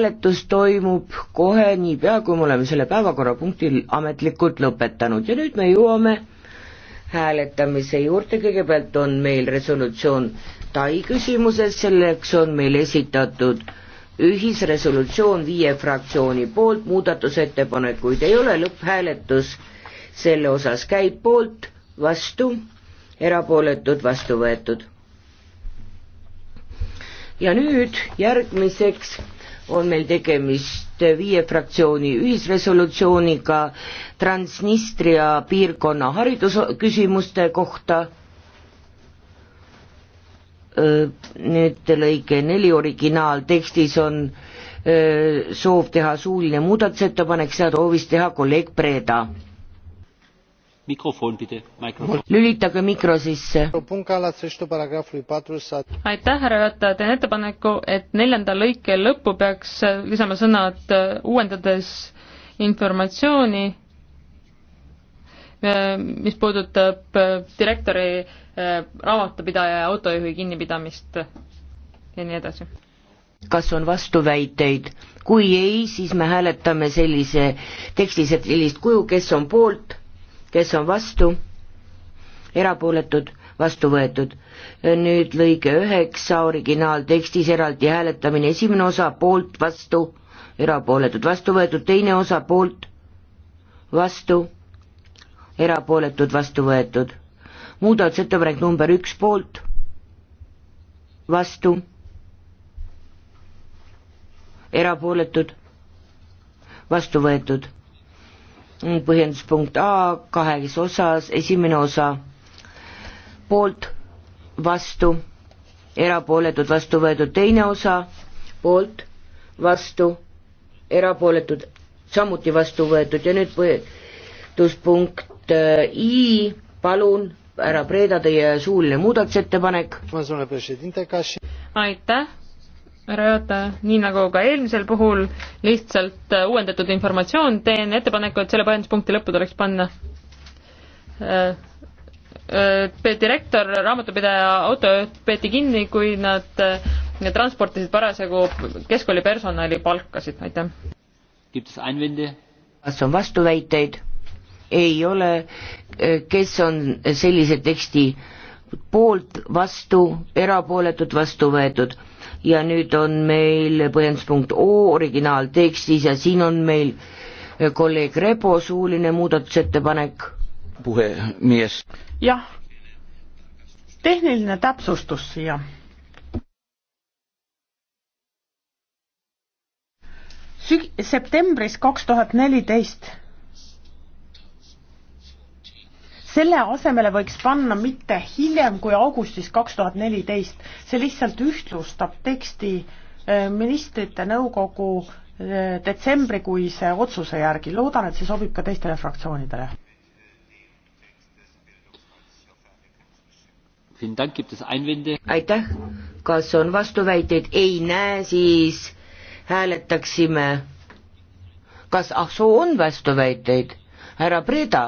hääletus toimub kohe niipea, kui me oleme selle päevakorrapunkti ametlikult lõpetanud ja nüüd me jõuame hääletamise juurde, kõigepealt on meil resolutsioon Tai küsimuses, selleks on meil esitatud ühisresolutsioon viie fraktsiooni poolt, muudatusettepanekuid ei ole, lõpphääletus selle osas käib poolt, vastu, erapooletud, vastu võetud ja nüüd järgmiseks on meil tegemist viie fraktsiooni ühisresolutsiooniga Transnistria piirkonna haridusküsimuste kohta. nüüd lõige neli originaaltekstis on soov teha suuline muudatusettepanek, seda soovis teha kolleeg Breda mikrofon, mikrofon. lülitage mikro sisse. aitäh, härra Jõtta, teen ettepaneku, et neljanda lõike lõppu peaks lisama sõnad äh, uuendades informatsiooni, äh, mis puudutab äh, direktori raamatupidaja ja autojuhi kinnipidamist ja nii edasi. kas on vastuväiteid? kui ei, siis me hääletame sellise teksti, sellist kuju, kes on poolt kes on vastu, erapooletud, vastu võetud. nüüd lõige üheksa originaaltekstis eraldi hääletamine, esimene osa poolt, vastu, erapooletud, vastu võetud, teine osa poolt, vastu, erapooletud, vastu võetud. muudatusettepanek number üks poolt, vastu, erapooletud, vastu võetud Mm, põhjenduspunkt A kahes osas, esimene osa poolt, vastu, erapooletud, vastu võetud, teine osa poolt, vastu, erapooletud, samuti vastu võetud ja nüüd põhjenduspunkt äh, I, palun, härra Preeda, teie suuline muudatusettepanek. aitäh härra juhataja, nii nagu ka eelmisel puhul, lihtsalt äh, uuendatud informatsioon, teen ettepaneku, et selle põhjenduspunkti lõppu tuleks panna direktor, äh, äh, raamatupidaja autojuht peeti kinni, kui nad transportisid parasjagu keskkooli personali palkasid, aitäh. kas on vastuväiteid? ei ole, kes on sellise teksti poolt, vastu, erapooletud, vastu võetud ja nüüd on meil põhjenduspunkt O originaaltekstis ja siin on meil eh, kolleeg Rebo suuline muudatusettepanek. puhemees. jah, tehniline täpsustus siia. Süg-, septembris kaks tuhat neliteist selle asemele võiks panna mitte hiljem kui augustis kaks tuhat neliteist, see lihtsalt ühtlustab teksti eh, ministrite nõukogu eh, detsembrikuise otsuse järgi, loodan, et see sobib ka teistele fraktsioonidele. aitäh, kas on vastuväiteid, ei näe, siis hääletaksime. kas, ah soo on vastuväiteid, härra Breda?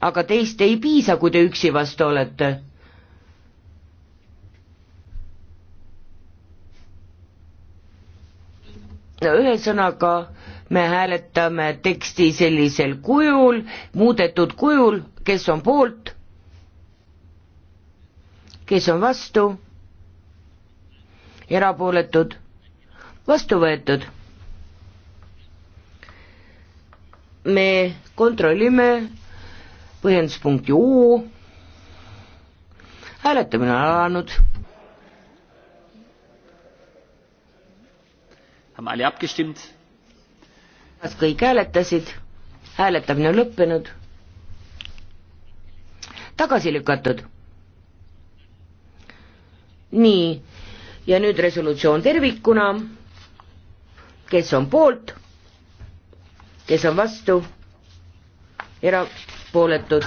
aga teist ei piisa, kui te üksi vastu olete. no ühesõnaga, me hääletame teksti sellisel kujul, muudetud kujul, kes on poolt, kes on vastu, erapooletud, vastu võetud me kontrollime põhjenduspunkti U, hääletamine on alanud. kas kõik hääletasid? hääletamine on lõppenud. tagasi lükatud. nii, ja nüüd resolutsioon tervikuna. kes on poolt, kes on vastu, era-, erapooletud,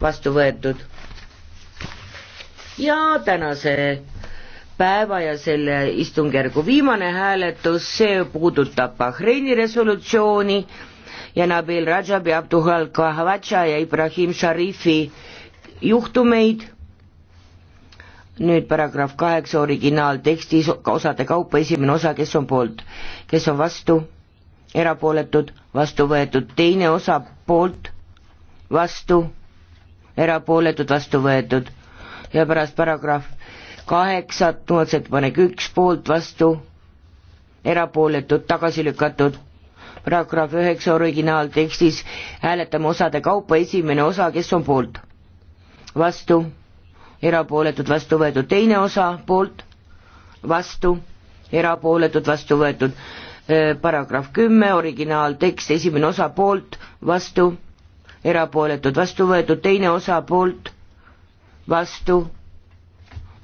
vastu võetud. ja tänase päeva ja selle istungjärgu viimane hääletus, see puudutab Bahreini resolutsiooni ja Nabil Rajab ja Abduhal Kahvatša ja Ibrahim Šarifi juhtumeid. nüüd paragrahv kaheksa originaaltekstis osade kaupa esimene osa, kes on poolt, kes on vastu, erapooletud, vastu võetud, teine osa poolt vastu, erapooletud, vastu võetud. ja pärast paragrahv kaheksat, muudatusettepanek üks, poolt, vastu, erapooletud, tagasi lükatud. paragrahv üheksa originaaltekstis hääletame osade kaupa, esimene osa, kes on poolt? vastu, erapooletud, vastu võetud, teine osa, poolt, vastu, erapooletud, vastu võetud paragrahv kümme, originaaltekst, esimene osa poolt, vastu, erapooletud, vastu võetud, teine osa poolt, vastu,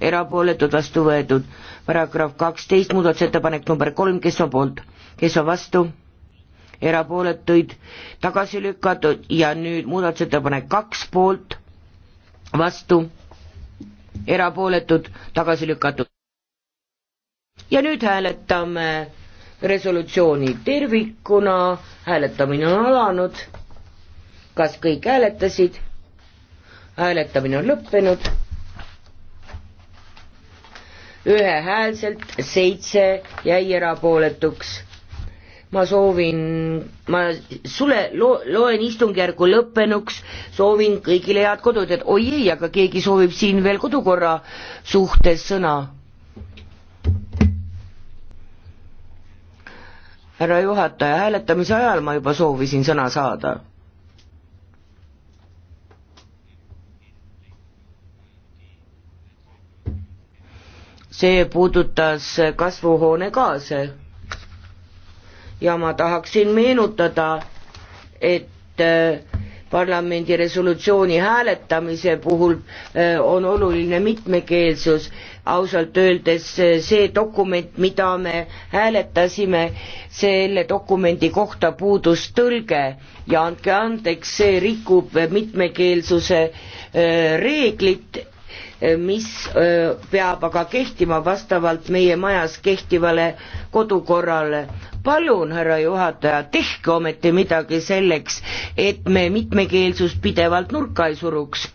erapooletud, vastu võetud. paragrahv kaksteist, muudatusettepanek number kolm, kes on poolt, kes on vastu, erapooletuid tagasi lükatud ja nüüd muudatusettepanek kaks poolt, vastu, erapooletud, tagasi lükatud. ja nüüd hääletame resolutsiooni tervikuna, hääletamine on alanud kas kõik hääletasid? hääletamine on lõppenud. ühehäälselt seitse jäi erapooletuks. ma soovin, ma sulle lo, loen istungjärgu lõppenuks, soovin kõigile head kodud, et oi ei, aga keegi soovib siin veel kodukorra suhtes sõna härra juhataja, hääletamise ajal ma juba soovisin sõna saada see puudutas kasvuhoonegaase. ja ma tahaksin meenutada, et äh, parlamendi resolutsiooni hääletamise puhul äh, on oluline mitmekeelsus, ausalt öeldes äh, see dokument, mida me hääletasime, selle dokumendi kohta puudus tõlge ja andke andeks, see rikub mitmekeelsuse reeglit Eh, mis eh, peab aga kehtima vastavalt meie majas kehtivale kodukorrale. palun, härra juhataja, tehke ometi midagi selleks, et me mitmekeelsust pidevalt nurka ei suruks.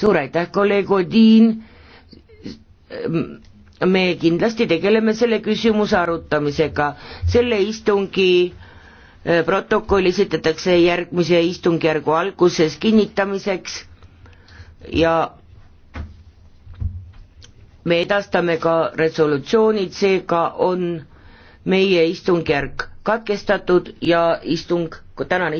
suur aitäh, kolleeg Odin. me kindlasti tegeleme selle küsimuse arutamisega, selle istungi eh, protokoll esitatakse järgmise istungjärgu alguses kinnitamiseks ja me edastame ka resolutsioonid, seega on meie istungjärk katkestatud ja istung, tänane istung